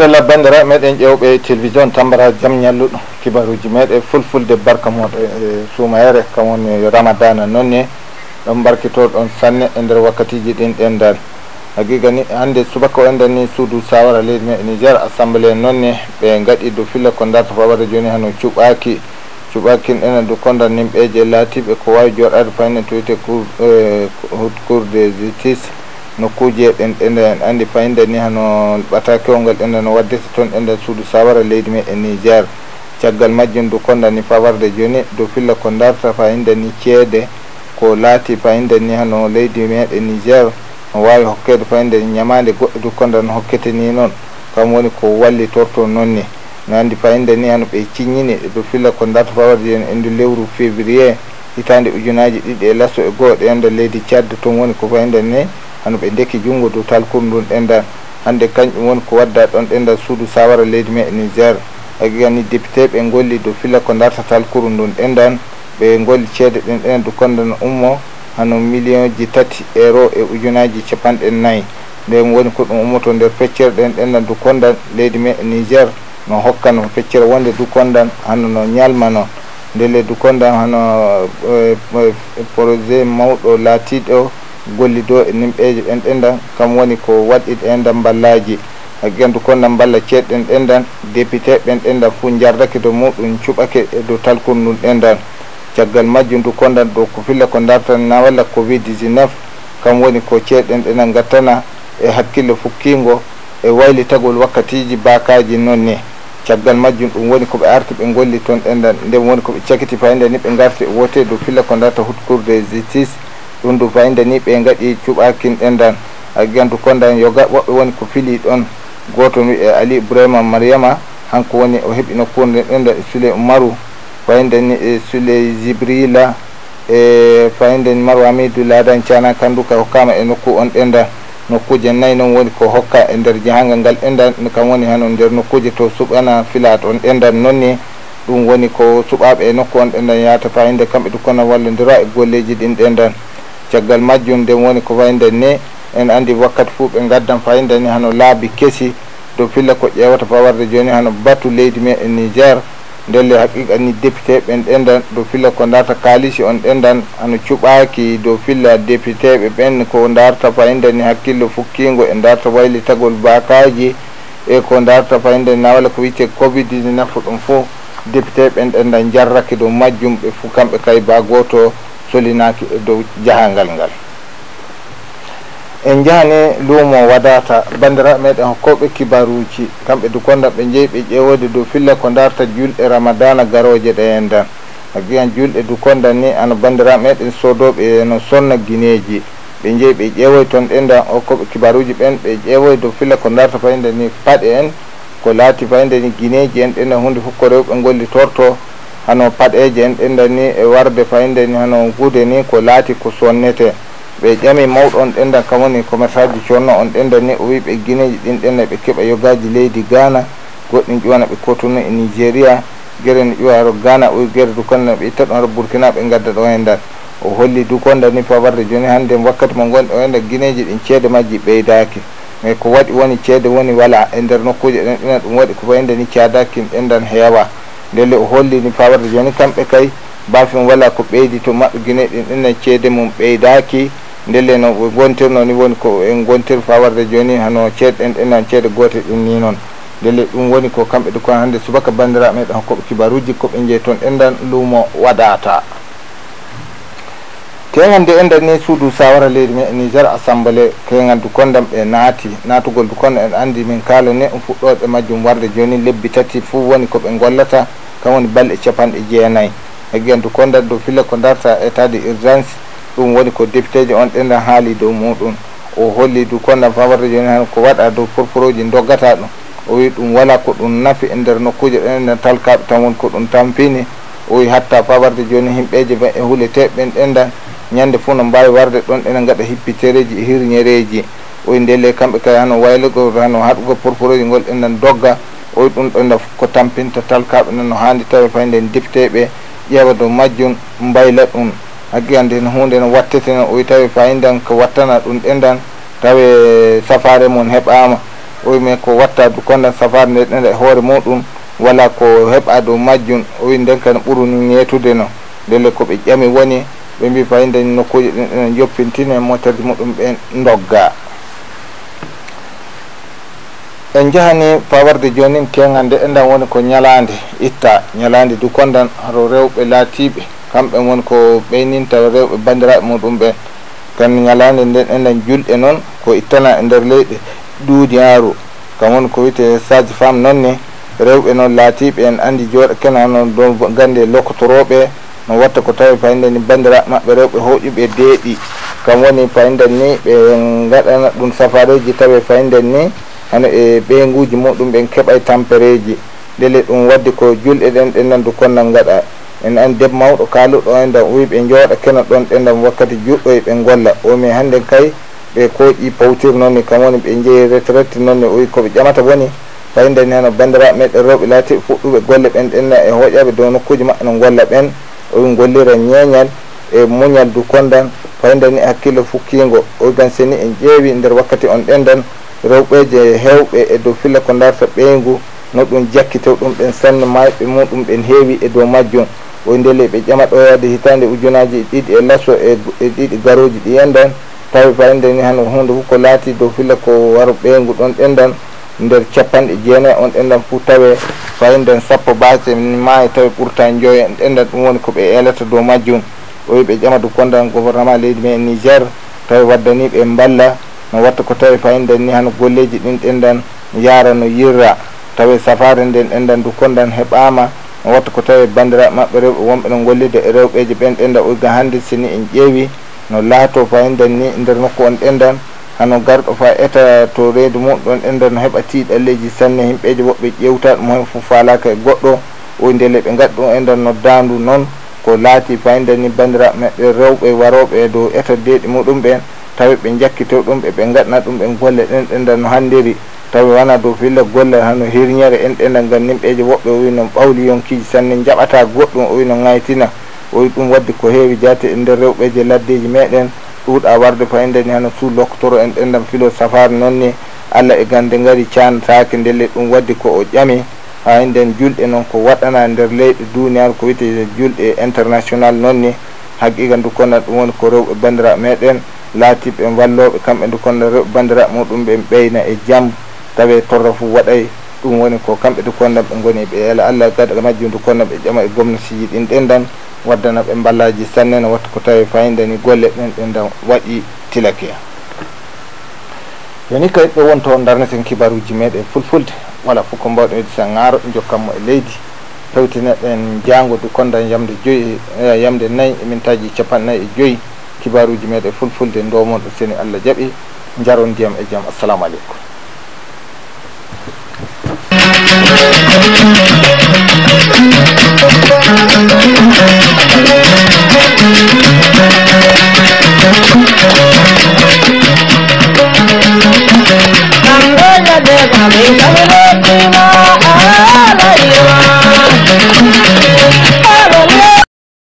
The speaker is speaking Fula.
abdoulla bandira meɗen ƴewɓe télévision tambara jam ñalluɗo kibaruji meɗe fulfulde barka moɗo e, e suumayere kamwoni yo ramadana noon ni ɗon barkitorɗon sanne e nder wakkatiji ɗin ɗendal haqiga ni hannde subaka o enɗen ni suudu sawara leydi me niger assemblé noon ni ɓe gaɗi do filla ko darta faɓata joni hano cuɓaki cuɓakin ɗen do kondan nimɓeje laatiɓe ko wawi joɗade fayne tawite cour e, cour de justice nokkuji eɗen ɗende en andi fayinde ni hano ɓatakewolngal ɗende no waddete toon ɗe nder suudu sawara leydi meɗen niger caggal majjum du konda ni fawarde joni du filla ko darta fayinde ni ceede ko laati fayinde ni hano leydi meɗen niger no wawi hokkede fayinde ñamade goɗɗo du konda no hokkete ni noon kam woni ko walli torto noon ni no andi fayinde ni hano ɓe ciññini du filla ko darta fawarde joni endu lewru février hitande ujunaji ɗiɗi e lasso e goho ɗe ender leydi cadde toon woni ko fayinde ni hano ɓe deki junngo dow talkum ɗum ɗendan hannde kañƴum woni ko wadda ɗon ɗendan suudu sawara leydi me e niger agani député ɓe ngolli dow filla ko darta talkuru ndun ɗendan ɓe ngolli ceede ɗen ɗenen ɗo kondana ummo hano million ji tati ero e, e ujunaji capanɗe nayyi nden woni ko ɗum ummoto nder feccere ɗen ɗendan du kondan leydi me e niger no hokkano feccere wonde du kondan hano no ñalma noon ndele du kondan hano eh, eh, projet mawɗo laatiɗo golli do e nimɓeje ɗen ɗendan kam woni ko waɗiɗe endan mballaji haggandu konnan mballa ceeɗɗen député ɓen ɗendan fuu jardake do muɗum cuɓake e dow talkun ndun ɗendan caggal majjum ndu kondan ɗo ko filla ko dartan na walla covid 19 kam woni ko ceeɗɗen ɗenɗan gattana e hakkille fukkingo e waylitagol wakkatiji bakaji noon ni caggal majjum ɗum woni koɓe arti ɓe golli toon ɗendan nden woni koɓe cakiti fayinde ni ɓe garti e wote dow filla ko darta hutkurde justice ɗum du fayida ni ɓe gaɗi cuɓakin ɗendan a gantu kondan yo woɓɓe woni ko fili ɗon goto e ali ibrahima mariama hanko woni o heɓi nokkuure nde ɗenɗa e sule umaru fayida ni e sule jibrila e fayida ni maru ladan thiana kandu ka hokkama e nokku on ɗendan nokkuje nayi noon woni ko hokka e nder jahangal ngal ɗendan kam woni hano nder nokkuje to suɓana filat on ɗendan noon ni ɗum woni ko suɓaɓe e nokku on ɗendan yahata fayinde kamɓe dukkona wallodira e golleji ɗin ɗendan caggal majjum nden woni ko fayde ne en andi wakkati fuu ɓe gaddan fayde ni hano laabi kesi to filla ko ƴeewata fawarde joni hano battu leydi me en e niger ndelle haqiqa ni député ɓen ɗendan do filla ko darta kaalisi on ɗendan hano cuɓaaki dow filla député ɓe ɓen ko darta fayinde ni hakkillo fukkiingo e darta waylitagol baakaji e ko darta fayinde nawala ko wiyte covid ni nafo ɗum fof député ɓen ɗendan jarraki dow majjum ɓe fo kamɓe kay baa gooto solinaki e dow jahangal ngal en jahani luumo wadata bandiraɓe meɗen hokkoɓe kibaruji kamɓe du gondaɓe jeeyi ɓe ƴewode dow filla ko darta julɗe ramadana garoje ɗe en dan a wiyan julɗe du gondan ni ana bandiraɓe meɗen sodoɓe e no sonna guineji ɓe jeeyi ɓe ƴeewoy toon ɗen dan hokkoɓe kibaruji ɓen ɓe ƴeewoye dow filla ko darta fayde ni paɗe en ko laati fayde ni guineji en ɗenɗan hunde fof ko rewɓe golli torto hano paɗeje en ɗenɗa ni e warde fayinde ni hano gude ni ko laati ko sonnete ɓe ƴami mawɗon ɗenɗan kam woni commerçant ji conno on ɗenɗan ni o wi ɓe guineji ɗin keba ɓe keɓa yogaji leydi gana goɗɗin ƴuwana ɓe cotonou e nigéria guere ne ƴuwaro gana o guere dukonda ɓe itta ɗon burkina ɓe gadda ɗo hen dan o holli dukonda ni pawarde joni hande wakkati mo gonɗe o enda guineji ɗin ceede majji ɓeydaki mais ko waɗi woni ceede woni wala e nder nokkuje ɗen ɗina ɗum waɗi ko fayinde ni cadaki ɗendan heewa ndele o hollini fawarde joni kamɓe kay baafin wala ko ɓeydi to maɓɓe guine ɗin ɗinen ceede mum ɓeydaki ndele no e gontir noo ni woni ko en gontir fawarde joni hano ceeɗeɗen ɗinan ceede gootel ɗin ni noon ndele ɗum woni ko kamɓe ɗo ko hannde subaka banndiraa meɗen hokkoɓe kibaruuji koɓe njeey toon ɗenndan luumo waɗata kegande enndan ni suudu sawara leydi me niger assemblé kegan dukondam ɓe naati naatugol dukondo en anndi min kaala ne um fuɗɗoɓe majjum warde joni lebbi tati fuu woni ko ɓe gollata kamwoni balɗe capanɗe jeenayyi eggentu ko ndar ɗo fila ko darta état e de urgence ɗum woni ko député ji on ɗenɗan haali dow muɗum o holli du konɗan famar joni han ko waɗa dow porporo ji doggata ɗum o wi ɗum wala ko ɗum nafi e nder nokkuji ɗenɗe talkaɓe tan woni ko ɗum tampini o wi hatta pabarde joni himɓeje ba e huule teɓɓen ɗendan ñande fo no mbawi warde ɗon ɗene gaɗa hippitereji e hirñereji o wi ndele kamɓe kadi hano waylogo hano haɗugo porporoji ngol ɗendan e dogga oy ɗum ɗo ko tampinta talkaɓe noon no hanndi tawi fay nden defteɓe ƴeewa dow majjum mbayla ɗum hakkiga nden hunde no wattete no oy tawi fayndan ko wattana ɗum ɗendan tawe safare mon heɓama oy mai ko watta du kondan safare nde ɗenda e hoore muɗum wala ko heɓa dow majjum oy nden kane ɓuuru ni ñeetude no ndele koɓe ƴami woni ɓe mbi fayndan nokkuji ɗen ɗenen joppintine moterde muɗum ɓe ndogga en jahani pawarde jooni kenga nde endan woni ko ñalaande itta ñalaande dukondan haro rewɓe laatiiɓe kamɓe woni ko ɓeyninta rewɓe banndiraaɓe muɗum ɓen kan ñalaande nden enɗan julɗe noon ko ittana e ndeer leyɗe ɗuudi aaru kam woni ko wiyte sadji fam noon ni rewɓe noon laatiiɓe en anndi jooɗa kena noon do ngannde lokotoroɓe no watta ko tawi fayinden ni banndiraaɓe maɓɓe rewɓe hoƴuɓe e deeɗi kam woni fayinden ni ɓe ngaɗana ɗum safareji tawi fayinden ni hano e ɓeynguji muɗum ɓen keɓay tempereji ndele ɗum wadde ko julɗe ɗen ɗennandu konnal gaɗa en an deb mawɗo kaluɗo en dan wi ɓe jooɗa kenat ɗon ɗennan wakkati juɗɗo e ɓen golla omin hannde kay ɓe kooƴi pawtir noonni kam woni ɓe jeeyi retraite noonni o wi koɓe ƴamata boni fayndani hano bandiraɓe meɗen rewɓe laatiɓe fuɗɗuɓe golle ɓen ɗenna e hoƴaɓe dow nokkuji maɓɓe no golla ɓen owi gollira ñeeñal e muñal du kondan fayndani hakkille fukkingo o wi gan seni en ƴeewi nder wakkati on ɗen dan rewɓeje hewɓe e dow filla ko darta ɓeygu no ɗum jakkitew ɗum ɓen sanne mayɓe muɗum ɓen heewi e dow majjum o ndele ɓe ƴama ɗoyade hitande ujunaji ɗiɗi e lasso e, e ɗiɗi garoji ɗi endan tawi fayinde ni han hunde fof ko laati dow filla ko waro ɓeygu ɗon ɗendan nder capanɗe jeenayi on ɗendan fof tawe fayinden sappo base maayi tawi ɓurta joyi en ɗendan ɗum woni ko ɓe elata dow majjum o wi ɓe ƴama do kondan gouvernement leydi me e niger tawi waddaniɓe mballa no watta ko tawi fayinden ni hano golleji ɗin ɗendan yara no yirra tawi safari nden ɗendan dukkondan heɓama no watta ko tawi bandiraɓe maɓɓe rewɓe wonɓe ɗon gollide e rewɓeji ɓen ɗenda ɓoyga hannde sini en ƴeewi no laato fayinden ni nder nokku on ɗendan hano garɗo fa eta to reydi mum ɗon ɗendan no heɓa tiiɗalleji sanne himɓeji woɓɓe ƴewta ɗum hen fof falaka e goɗɗo oy ndele ɓe gaddi ɗum endan no daandu noon ko laati fayinden ni bandiraɓe maɓɓe rewɓe waroɓe e dow eta deeɗi muɗum ɓen tawi ɓe jakki tew ɗum eɓe gaɗna ɗum ɓe golle ɗen ɗenda no handiri tawi wona dow filla golle hano hirñere en ɗenda ngam nimɓeje woɓɓe o wi noon ɓawli yonkiji sanne jaɓata goɗɗum o wi no gaytina o wi ɗum wadde ko heewi jaate e nder rewɓeje laddeji meɗen ɗuuɗa warde fa endeni hano sous loctoro en ɗendam filo safar noon ni allah e gande gaari canotake ndelle ɗum wadde ko o ƴami ha nden julɗe noon ko waɗana nder leyɗe duniyaru ko wiyete julɗe international noon ni haqiqa ndu konna ɗum woni ko rewɓe bandiraɓe meɗen laati ɓe wallooɓe kamɓe nde kono banndiraɓe muɗum ɓe ɓeyna e jam tawe torra fof waɗay ɗum woni ko kamɓe nde konnan ɓe ngoni ɓe ala allah gaɗa majju nde konna ɓe ƴama e gomnatiji ɗin ɗen dan waddana ɓe mballaji sanne no watta ko tawi fayida ni golle ɗen ɗen dan waɗi tilakiya yoni kayi ɓe wonto darneten kibaruji meɗen fulfulde wala fof ko mbawɗe wedi san gaaro ɗe jokkanmo e leydi pewtineɗen jaango de konda yamde joyi eh, yamde nayyi e mintaji capannayyi e joyi kibaruji meɗe fulfulde ndomoɗo seni allah jaaɓi jaron ndiyam e jaam assalamu aleykum Thank you.